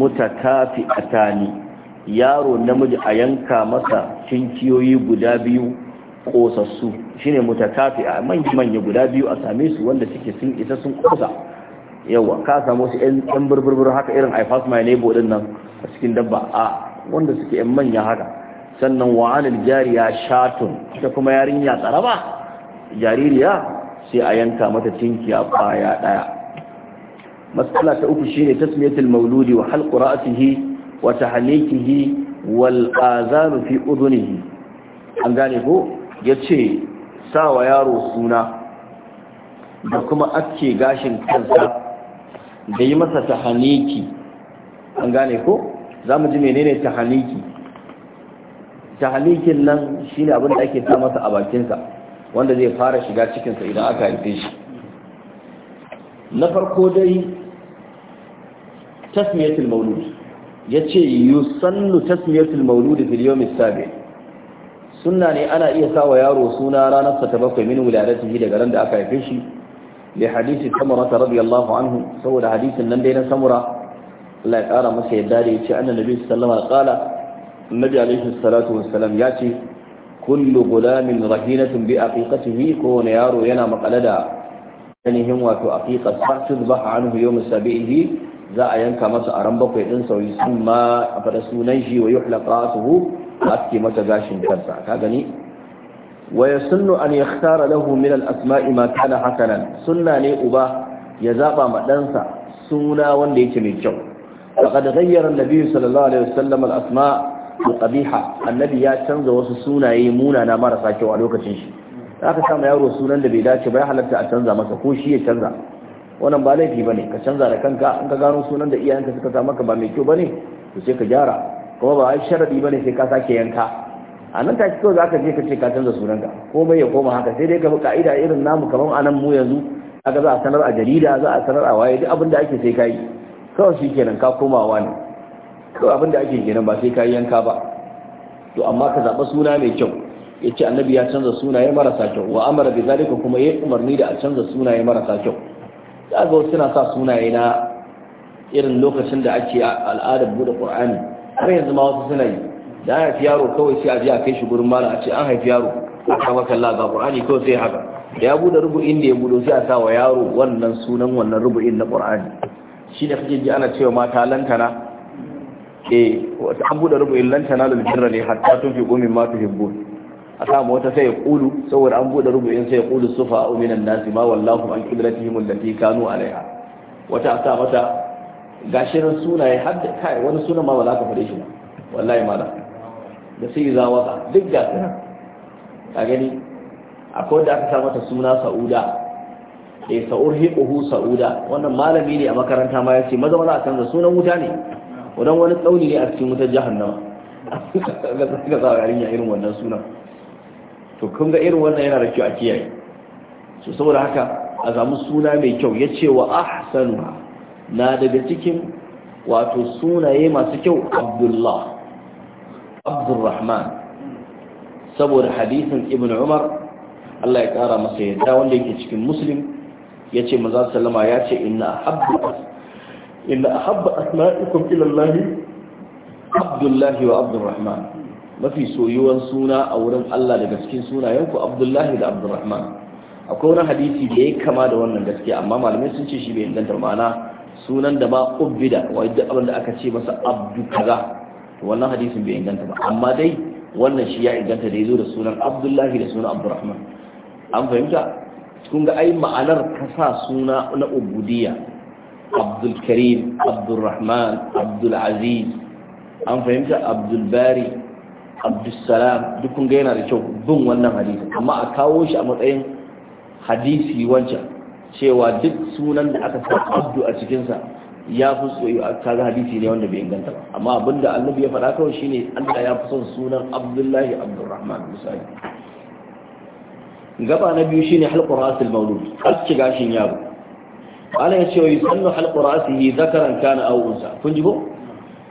متكافئتاني yaro namiji a yanka masa cinciyoyi guda biyu kosassu shine mutakafi a manya-manya guda biyu a same su wanda isa sun kosa yawa ka samu su yan burburbur haka irin i pass my nan a cikin dabba a wanda suke yan manya haka sannan wa anil jariya shatun ta kuma yarinya tsaraba jaririya sai a yanka mata tinkiya baya daya Matsala ta uku shine tasmiyatul mauludi wa halqu ra'sihi wa tahlikihi wal azanu fi udunihi an gane ko yace sawa yaro suna da kuma ake gashin kansa da yi masa tahaniki an gane ko za mu ji menene tahaniki tahalikin nan shine abin da ake sa masa a bakinsa wanda zai fara shiga cikinsa idan aka haife shi na farko dai tasmiyatul maulud yace yusannu tasmiyatul maulud fil yawm as-sabi sunna ne ana iya sawa yaro suna ranar sa ta bakwai min wuladatihi daga ran da aka haife shi li hadisi samura radiyallahu anhu saboda hadisin nan dai na samura Allah ya kara masa yadda da yace annabi sallallahu alaihi wasallam annabi alaihi salatu wassalam ya ce kullu gulamin rahinatun bi aqiqatihi ko wani yaro yana makale da ainihin wato aqiqat fa tudbaha anhu yawm sabihi za a yanka masa aron bakwai din sauyi sun ma a fada sunan shi wa yuhlaqa suhu gashin kansa ka gani wa an yakhtara lahu min al asma'i ma kana hakanan sunna ne uba ya zaba ma ɗansa suna wanda yake mai kyau laqad ghayyara an-nabi sallallahu alaihi wasallam asma' al-qabiha annabi ya canza wasu sunaye munana marasa kyau a lokacin shi aka samu yaro sunan da bai dace ba ya halatta a canza masa ko shi ya canza wannan ba laifi bane ka canza da kanka in ka gano sunan da iyayenka suka sa maka ba mai kyau bane to sai ka gyara kuma ba ai sharadi bane sai ka sake yanka a nan take kawai zaka je ka ce ka canza sunanka komai ya koma haka sai dai ka bi ka'ida irin namu kamar anan mu yanzu kaga za a sanar a jarida za a sanar a waye duk abin da ake sai kai kawai nan ka komawa wani kawai abin da ake ginin ba sai ka yanka ba to amma ka zaɓa suna mai kyau ya ce annabi ya canza sunaye marasa kyau wa amara bi zalika kuma ya umarni da a canza sunaye marasa kyau za ga wasu suna sa sunaye na irin lokacin da ake al'adar buɗe ƙur'ani. har yanzu ma wasu suna yi da an haifi yaro kawai sai a je a kai shi gurin mala a ce an haifi yaro a kama kalla ga ƙur'ani kawai sai haka da ya buɗe rubu'in da ya buɗe sai a sa wa yaro wannan sunan wannan rubu'in na ƙur'ani. shi ne kake ji ana cewa mata lantana eh wata an buɗe rubu illan tanalul birra ne hatta tun fi gomin ma tuhibbu a samu wata sai ya kulu saboda an buɗe rubu in sai ya kulu sufa a uminan nasi ma wallahu an qudratihim allati kanu alaiha wata a sa mata gashirin sunaye har da kai wani sunan ma ba ka fare shi wallahi mala da sai za waka duk da kana ka gani akwai wanda aka sa mata suna sauda eh sa'urhiquhu sauda wannan malami ne a makaranta ma yace maza maza a canza sunan wuta ne wadan wani tsauni ne a cikin wutar jahannama ga suka sa yarinya irin wannan suna to kun ga irin wannan yana da kyau a kiyaye so saboda haka a samu suna mai kyau ya ce wa ahsanuha na daga cikin wato sunaye masu kyau abdullah abdurrahman saboda hadisin ibn umar Allah ya kara masa yadda wanda yake cikin muslim ya ce maza sallama ya ce inna habbu inda ahabba habba asma'ikum abdullahi wa abdurrahman mafi soyuwan suna a wurin Allah daga cikin sunayenku abdullahi da abdurrahman akwai wani hadisi da ya kama da wannan gaskiya amma malamai sun ce shi bai inganta ma'ana sunan da ma ubbida wa duk abin da aka ce masa abdu kaza wannan hadisin bai inganta ba amma dai wannan shi ya inganta da yazo da sunan abdullahi da sunan abdurrahman an fahimta kun ga ai ma'anar ka sa suna na ubudiyya Abdulkarim Abdulrahman abdul rahman abdul aziz an fahimta abdul bari abdul salam ga yana da kyau bin wannan hadisi amma a kawo shi a matsayin hadisi wancan cewa duk sunan da aka sa abdu a cikinsa ya fi soyi a kaga hadisi ne wanda bai inganta ba amma abinda annabi ya faɗa kawai shine Allah ya fi son sunan Abdullahi Abdulrahman misali gaba na biyu shine halqu rasul mawlud gashin yaro ana ya ce wa yi yusannu halqu ra'sihi zakaran kana aw unsa kun ji ko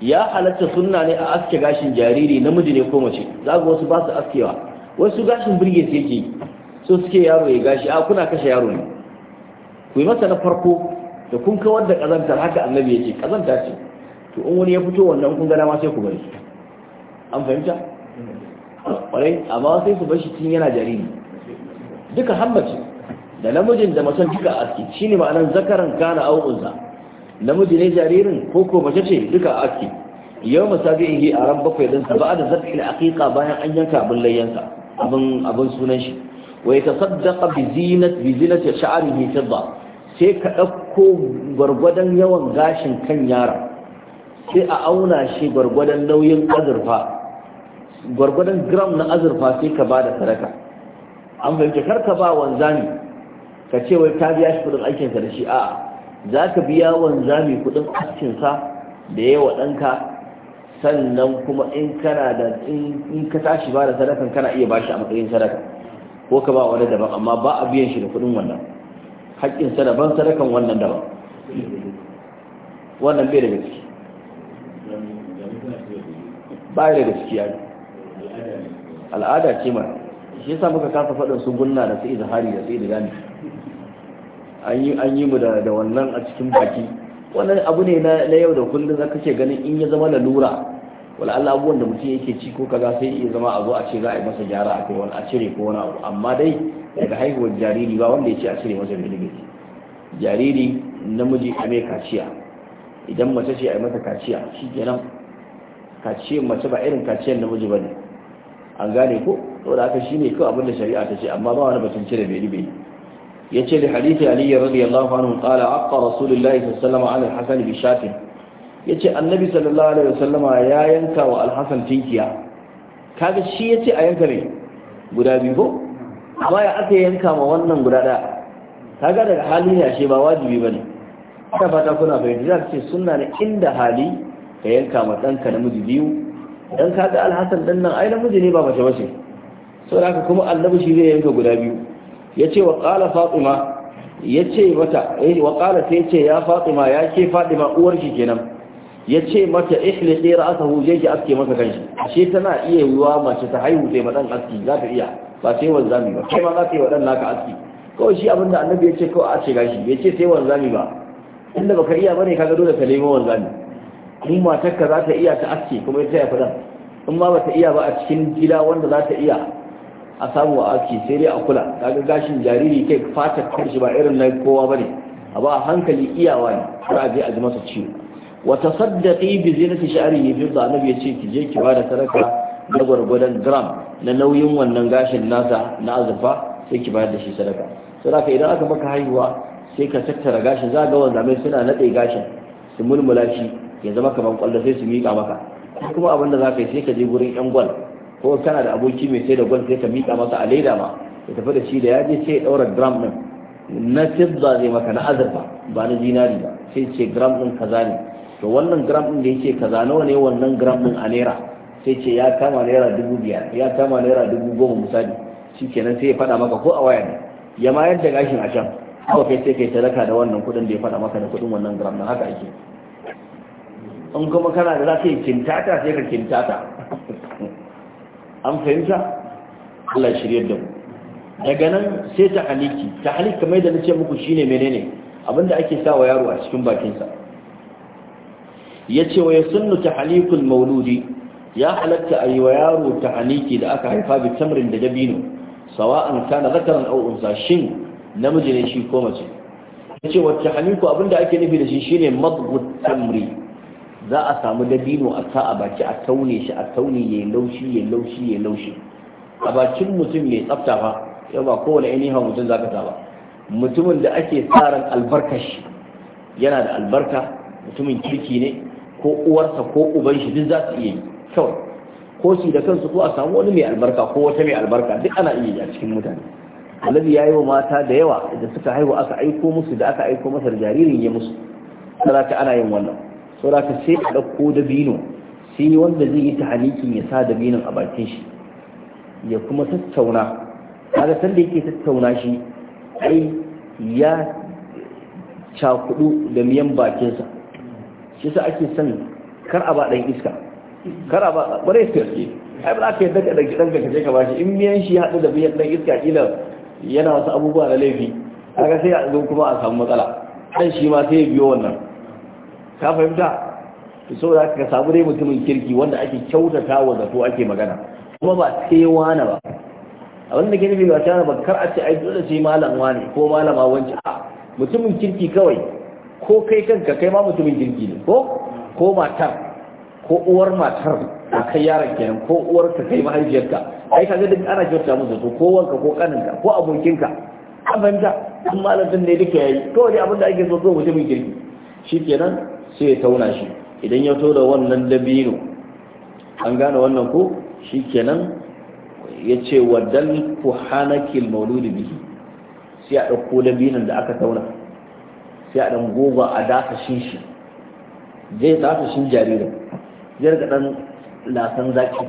ya halatta sunna ne a aske gashin jariri namiji ne ko mace za ga wasu ba su askewa wasu gashin birge su yake so suke yaro ya gashi a kuna kashe yaro ne ku yi masa na farko da kun kawar da kazantar haka annabi ya ce kazanta ce to in wani ya fito wannan kun gana ma sai ku bari an fahimta kwarai amma sai su bar shi tun yana jariri duka hammace da namijin da macen duka aski shine ma'anar zakaran kana aw unsa namiji ne jaririn ko ko mace ce duka aski yau masabihi a ran bakwai din sa ba'da zabhi al-aqiqa bayan an yanka abin layyansa abin abun sunan shi wa yatasaddaq bi zinat bi zinati sha'rihi fidda sai ka dauko gwargwadon yawan gashin kan yara sai a auna shi gwargwadon nauyin azurfa gwargwadon gram na azurfa sai ka bada sadaka an fahimci karka ba wanzami ka ce wai ta biya shi kudin aikinsa da shi a'a za ka biya wanzami kudin askinsa da yawa ɗanka sannan kuma in kana da in ka tashi ba da sadakan kana iya ba shi a matsayin sadaka ko ka ba wani daban amma ba a biyan shi da kudin wannan haƙƙin sadaban sadakan wannan daban wannan bai da gaske ba da al'ada ce mara shi yasa muka kasa faɗin su gunna da su izhari da su da an yi an yi mu da da wannan a cikin baki wannan abu ne na yau da kullum zaka ce ganin in ya zama lalura wala Allah abubuwan da mutum yake ci ko kaza sai ya zama a zo a ce za a yi masa gyara a kai wani a cire ko wani abu amma dai daga haihuwar jariri ba wanda ya ce a cire masa milimiti jariri namiji a mai kaciya idan mace ce a yi mata kaciya shi kenan kaciyar mace ba irin kaciyar namiji ba ne an gane ko aka shi ne kawai abin da shari'a ta ce amma ba wani batun cire bai ribe ya ce da hadithi aliyu radiyallahu anhu qala aqqa rasulullahi sallallahu alaihi wasallam bi shatin ya ce annabi sallallahu alaihi wasallama ya yanka wa alhassan tinkiya kaga shi ya ce a yanka ne guda biyu ko amma ya aka yanka ma wannan guda ɗaya kaga daga hali ne ashe ba wajibi ba ne ta fata kuna fahimta za ce suna ne inda hali ka yanka ma ɗanka namiji biyu dan kaga alhassan ɗan nan ai namiji ne ba mace bace saboda haka kuma annabi shi zai yanka guda biyu yace wa qala fatima yace mata eh, wa qala sai yace ya fatima ya ke fatima uwar ki kenan yace mata ihliqi ra'sahu je ki aske masa kanshi ashe tana iya yiwa mace ta haihu sai madan aski za ta iya ba sai wanzami ba kai ma za ta yi wadan naka aski kawai shi abinda annabi yace kawai a ce gashi yace sai wanzami ba inda baka iya bane kaga dole ka nemo wanzami in matarka za ta iya ta aski kuma ya ya faɗan. in ma bata iya ba a cikin gida wanda za ta iya a samu a aski sai dai a kula kaga gashin jariri kai fatar karshe ba irin na kowa bane a ba hankali iyawa ne har a je a ji masa ciwo wa tasaddaqi bi zinati sha'rihi bi ya ce ki je ki da sadaka na gwargwadon gram na nauyin wannan gashin nasa na azurfa sai ki bayar da shi sadaka sadaka idan aka maka haihuwa sai ka tattara gashin za ga wanzamai suna naɗe gashin su mulmula shi ya zama kamar kwallo sai su miƙa maka kuma abinda da za ka yi sai ka je gurin yan gwal ko kana da aboki mai sai da gwal sai ka miƙa masa a leda ma ya tafi da shi da ya je sai ɗaura gram ɗin na fidda zai maka na azurfa ba na zinari ba sai ce gram ɗin kaza ne to wannan gram ɗin da yake kaza nawa ne wannan gram ɗin a naira sai ce ya kama naira dubu biyar ya kama naira dubu goma misali shi kenan sai ya faɗa maka ko a waya ne ya ma yadda gashin a can kawai kai sai kai talaka da wannan kuɗin da ya faɗa maka da kuɗin wannan gram ɗin haka ake in kuma kana da za ka yi kintata sai ka kintata an fahimta Allah shiryar da mu daga nan sai ta haliki ta haliki kamar da ce muku shine menene abinda ake sa wa yaro a cikin bakinsa ce wa yasunnu ta halikul mauludi ya halatta yi wa yaro ta haliki da aka haifa bi tamrin da dabino sawa'an kana zakaran aw unsa shin namiji ne shi ko mace yace wa ta haliku abinda ake nufi da shi shine madghut tamri za a samu dabino a sa a baki a taune shi a taune ya laushi ya laushi ya laushi a bakin mutum mai tsafta fa yau ba kowane ainiha mutum za ka sa ba mutumin da ake tsarin albarkashi yana da albarka mutumin kirki ne ko uwarsa ko uban shi duk za su iya yi ko su da kansu ko a samu wani mai albarka ko wata mai albarka duk ana iya yi a cikin mutane alabi ya yi wa mata da yawa da suka haihu aka aiko musu da aka aiko masar jaririn ya musu saraka ana yin wannan saboda ka sai a ɗauko bino sai wanda zai yi tahalikin ya sa da binin a bakin shi ya kuma tattauna kaga san da yake tattauna shi ai ya cakudu da miyan bakinsa shi sa ake son kar a ba ɗan iska kar a ba ɓarai fiye ai ba ka yadda ka ɗauki ɗan ka ka bashi in miyan shi haɗu da miyan ɗan iska kila yana wasu abubuwa na laifi kaga sai a zo kuma a samu matsala ɗan shi ma sai ya biyo wannan ka fahimta to da ka samu dai mutumin kirki wanda ake kyautata wa zato ake magana kuma ba sai wani ba abin da ke nufi ba tana ba kar a ce ai dole sai malam wani ko malama wanci a mutumin kirki kawai ko kai kanka kai ma mutumin kirki ne ko ko matar ko uwar matar a kai yaron kenan ko uwar ka kai mahaifiyarka ai kaga duk ana kyauta musu to ko wanka ko kaninka ko abokinka abin da an malamin ne duka yayi kawai abin da ake so so mutumin kirki Shi kenan sai ya tauna shi idan ya tauna wannan dabino an gane wannan ko shi kenan ya ce wa dal kuhanakil mauludi bihi sai a ɗauko dabinon da aka tauna sai a ɗan goba a dakashin shi zai dakashin jaririn zai ga ɗan lasan zaki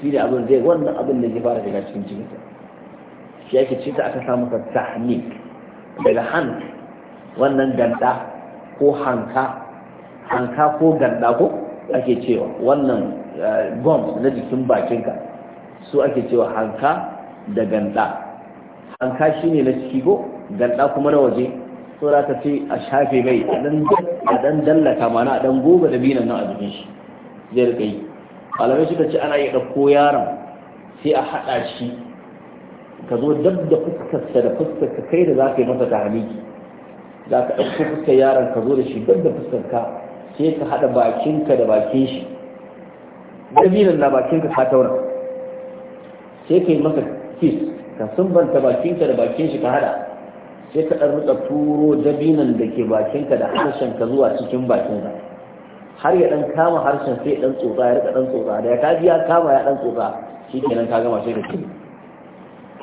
shi ne abin zai wannan abin da ya fara daga cikin jikinsa shi yake ce ta aka samu tahnik daga han wannan ganda ko hanka hanka ko ganda ko ake cewa wannan bombs eh, na jikin bakinka su ake cewa hanka da ganda hanka shine na ciki ko ganda kuma na waje so za ka ce a shafe mai a dan dallaka mana a dan goma da binan nan a jikin shi zai rika yi malamai suka ce ana yi ɗauko yaron sai a haɗa shi ka zo dab da fuskarsa da fuskarsa kai da za ka yi masa hamiki za ka ɗauko fuskar yaron ka zo da shi dab da fuskarka sai ka haɗa bakinka da bakin shi dabinan na bakinka ka tauna sai ka yi masa kis ka sumbanta bakinka da bakin shi ka hada. sai ka ɗan rika turo dabinan da ke bakinka da ka zuwa cikin bakinka har ya dan kama harshen sai dan tsotsa ya rika dan tsotsa da ya kaji ya kama ya ɗan tsotsa shi kenan ka gama sai da ke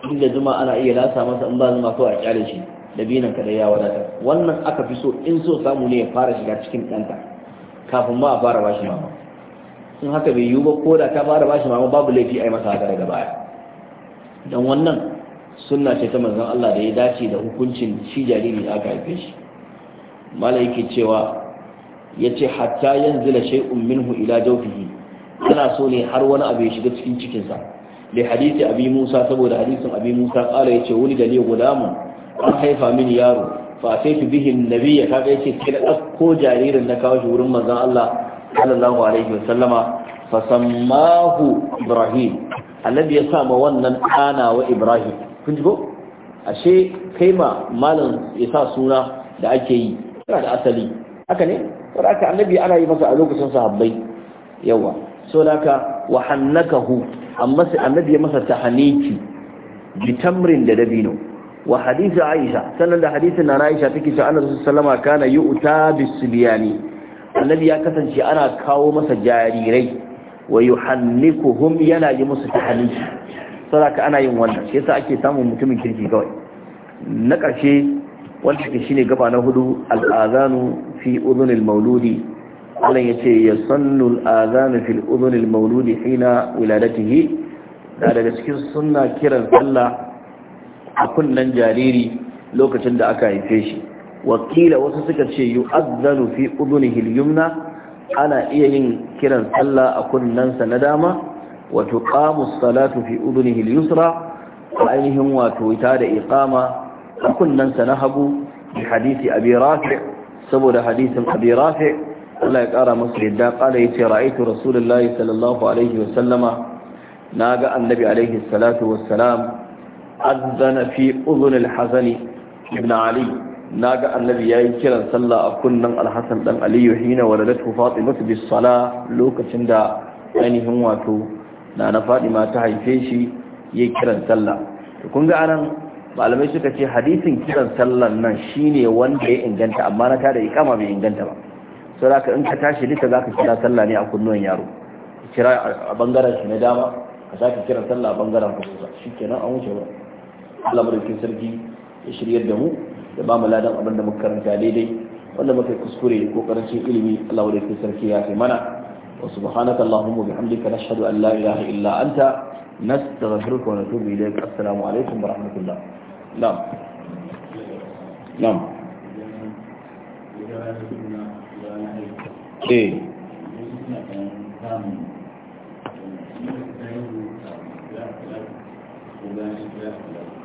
duk da zuma ana iya lasa masa in ba zuma kawai a kyale shi dabinan ka da ya wadata wannan aka fi so in so samu ne ya fara shiga cikin ɗanka kafin ma a fara bashi mama in haka bai yiwu ba ko da ta fara bashi mama babu laifi a yi masa haka daga baya don wannan suna ce ta manzon Allah da ya dace da hukuncin shi jariri aka haife shi mala yake cewa ce hatta shai shay'un minhu ila jaufihi ana so ne har wani abu ya shiga cikin cikinsa da hadisi abi Musa saboda hadisin abin Musa kala ce wani da ne mu an haifa mini yaro fa sai tu bihi nabiyya kaga yace sai da ɗauko jaririn na kawo shi wurin manzon Allah sallallahu alaihi wa sallama fa sammahu Ibrahim annabi ya sa ma wannan ɗana wa Ibrahim kun ji ko ashe kai ma malam yasa suna da ake yi yana da asali haka ne wanda aka annabi ana yi masa a lokacin sahabbai yawa so naka wa hannakahu amma sai annabi ya masa tahaniki bitamrin da dabino wa hadisi aisha sannan da hadisin na aisha take cewa annabi sallama kana yu'ta bisbiyani annabi ya kasance ana kawo masa jarirai wa yuhannikuhum yana yi musu tahanniki saboda ana yin wannan shi yasa ake samun mutumin kirki kawai na ƙarshe wanda ke shine gaba na hudu al'azanu fi udhunil mauludi Allah yace yasannu al'azanu fi udhunil mauludi hina wiladatihi da daga cikin sunna kiran sallah a kunnen jariri lokacin da aka haife shi wakila wasu suka ce yu'azzanu fi udunihi ana iya yin kiran sallah a kunnensa na dama Wato tuqamu salatu fi udunihi al-yusra ainihin wato ta da iqama a kunnensa na hagu da hadisi abi rafi' saboda hadisin abi rafi' Allah ya kara masa yadda kala yace "Raitu, rasulullahi sallallahu alaihi wa sallama ga annabi alaihi salatu wassalam azana fi uzunil hasani ibn ali Na naga annabi yayi kiran sallah a kunnen Alhassan dan aliyu hina waladatu fatima bis sala lokacin da ainihin wato na na fatima ta haife shi yayi kiran sallah to kun ga anan malamai suka ce hadisin kiran sallan nan shine wanda ya inganta amma na tada ikama bai inganta ba so zaka in ka tashi duka zaka kira sallah ne a kunnuwan yaro kira a bangaren shi na dama ka kiran kira sallah a bangaren kusa shikenan an wuce ba Allah sarki ya shiryar da mu ya ba mu ladan abin da muka karanta daidai wanda muka yi kuskure ko karancin ilimi Allah madaukakin sarki ya kai mana wa subhanaka allahumma bihamdika nashhadu an la ilaha illa anta nastaghfiruka wa natubu ilayk assalamu alaikum wa rahmatullah na'am na'am eh Thank you.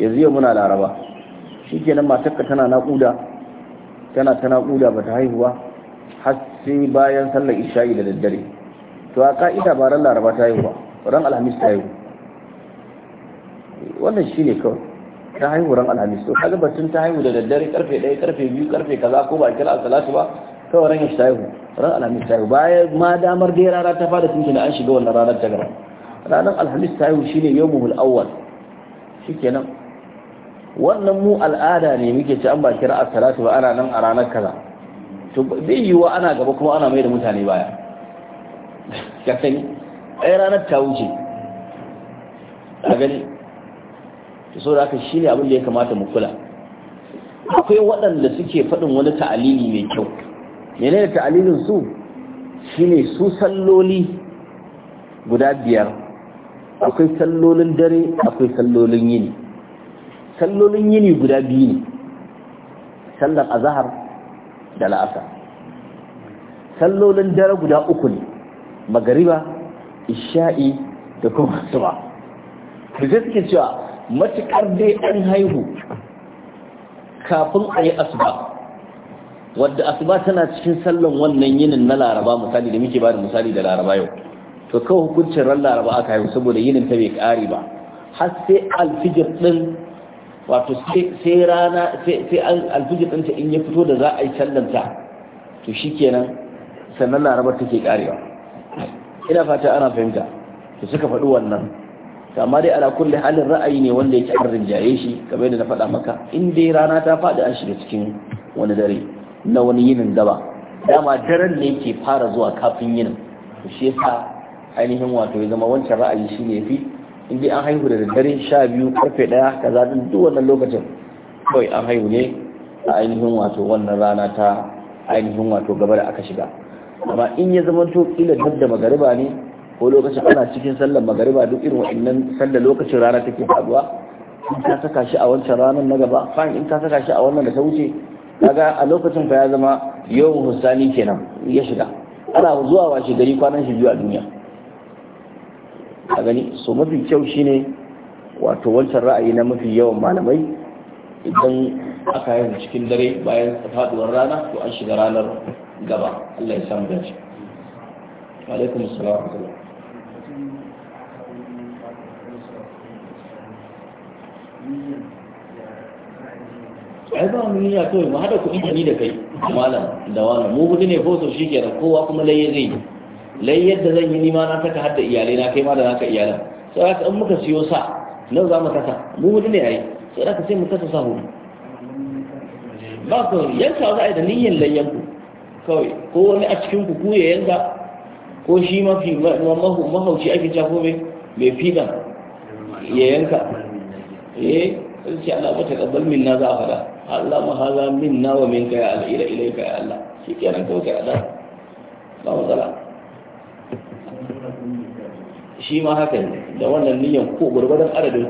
yanzu yau muna laraba shi nan matarka tana naƙuda tana ta naƙuda ba ta haihuwa har sai bayan sallar isha'i da daddare to a ka'ida ba ran laraba ta haihuwa ran alhamis ta haihu wannan shi ne kawai ta haihu ran alhamis to kaga sun ta haihu da daddare karfe ɗaya, karfe biyu, karfe kaza ko ba kira asalatu ba kawai ran ta haihu ran alhamis ta haihu baya ma damar dai rana ta fara tunki na an shiga wannan ranar ta gara ranar alhamis ta haihu shine yawmul awwal shikenan wannan mu al'ada ne muke ci an ba kira as-salatu ba ana nan a ranar kaza to bai wa ana gaba kuma ana mai da mutane baya ka sani yi ranar ta wuce a gani to so da shi ne abin da ya kamata mu kula akwai waɗanda suke faɗin wani ta'alili mai kyau menene ta'alilin su ne su salloli guda biyar akwai sallolin dare akwai sallolin yini sallolin yini guda biyu ne sallar azahar da la'asa sallolin dare guda uku ne magariba isha'i da kuma suba da suke cewa matuƙar dai an haihu kafin a yi asuba wadda asuba tana cikin sallan wannan yinin na laraba misali da muke ba da misali da laraba yau to kawai hukuncin ran laraba aka haihu saboda yinin ta bai ƙare ba har sai alfijir ɗin wato sai rana sai an alfijir ɗinta in ya fito da za a yi sallanta to shi kenan sannan larabar take karewa ina fata ana fahimta to suka faɗi wannan amma dai ala kulli halin ra'ayi ne wanda yake an rinjaye shi kamar yadda na faɗa maka in dai rana ta faɗi an shiga cikin wani dare na wani yinin gaba dama daren ne ke fara zuwa kafin yinin to shi yasa ainihin wato ya zama wancan ra'ayi shi ya fi in dai an haihu da daddare sha biyu karfe ɗaya ka din duk wannan lokacin kawai an haihu ne a ainihin wato wannan rana ta ainihin wato gaba da aka shiga amma in ya zama to kila duk da magariba ne ko lokacin ana cikin sallar magariba duk irin wa'annan sallar lokacin rana take faduwa in ka saka shi a wancan ranar na gaba fa'in in ka saka shi a wannan da ta wuce kaga a lokacin fa ya zama yau husani kenan ya shiga ana zuwa washe gari kwanan shi biyu a duniya a gani so mafi kyau shine wato wancan ra'ayi na mafi yawan malamai idan aka yi cikin dare bayan faduwar rana to an shiga ranar gaba Allah ya samu dace alaikum assalam ai ba mu niyya kawai mu hada kuɗi da ni da kai malam da wani mu gudu ne ko ke da kowa kuma laye zai yi lai yadda zan yi nima na taka hadda iyalai na kai ma da naka iyalan sai aka in muka siyo sa na za mu kasa mu hudu ne yayi sai aka sai mu kasa sa hudu ba ku yanka za a yi da niyyar layyan ku kawai ko wani a cikin ku ya yanka ko shi mafi mahauci ake cafo mai mai fidan ya yanka eh sai Allah ba ta kabbal minna za a fada Allah ma haza minna wa minka ya Allah ila ilaika ya Allah shi kenan kawai ka Allah ba tsala. shi ma haka ne da wannan niyan ko gurgurdan adadin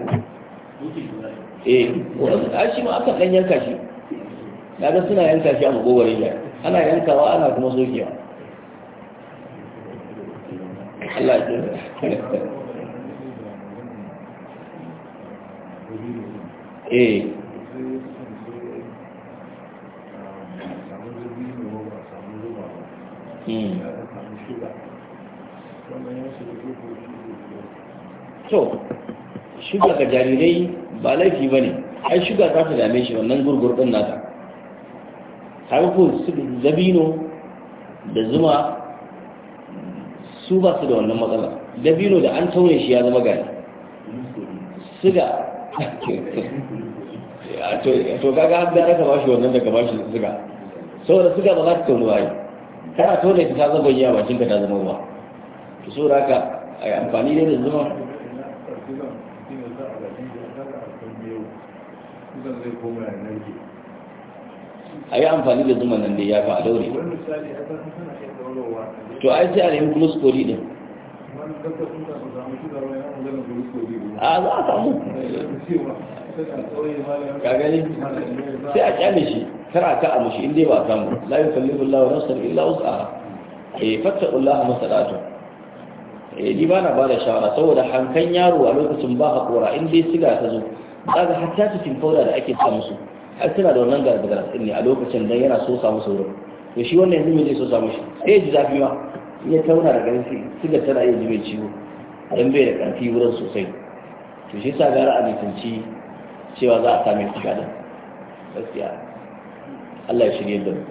eh ko a shi ma aka dan yanka shi ga suna yanka shi a magogarin ya ana yankawa ana kuma sokewa Allah ya eh Hmm. to shuga ga jarirai ba laifi ba ne ai shuga za ta dame shi wannan gurgur din nata harkun su zabino da zuma su ba su da wannan matsala dabino da an taune shi ya zama gari siga to kaga ga da aka ba shi wannan daga ba shi Suga saboda Suga ba za ta taunu ba yi kana taune ta zama yi a ka ta zama ruwa ki so da ka a yi amfani da da zuma a yi amfani da zuma nan da ya fi a daure to ai sai a yi nemi kori din a za a samu ka gani sai a kyale shi kara ka a mushi inda ba samu la yi kallibin lawa nasar illa wasu a eh, fattaɓin la'a masadatu eh ni ba na ba da shawara saboda hankan yaro a lokacin ba haƙora in dai siga ta zo kaga hatta cikin fauda da ake sa musu har tana da wannan gargara din ne a lokacin dan yana so samu musu to shi wannan yanzu mai zai so samu shi sai ji zafi ma ya tauna da ƙarfi siga tana iya ji mai ciwo dan bai da ƙarfi wurin sosai to shi sa gara a mutunci cewa za a same siga din gaskiya Allah ya shirye da mu.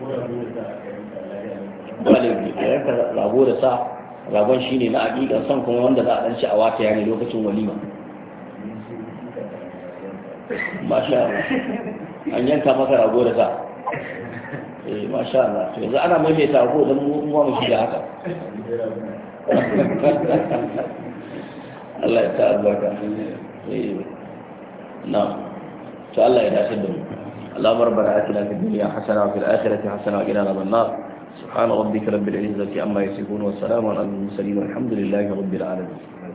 Ba da rago da sa ragon shi ne na aƙiƙar son kuma wanda za a ɗan a wata yani lokacin walima masha Allah an yanka maka rago da sa eh masha Allah to yanzu ana mai ta rago don mu mu shi da haka Allah ya ta albarka eh na to Allah ya dace da mu Allah اللهم ربنا آتنا في الدنيا حسنة وفي الآخرة حسنة وقنا عذاب النار سبحان ربك رب العزة عما يصفون والسلام على المرسلين والحمد لله رب العالمين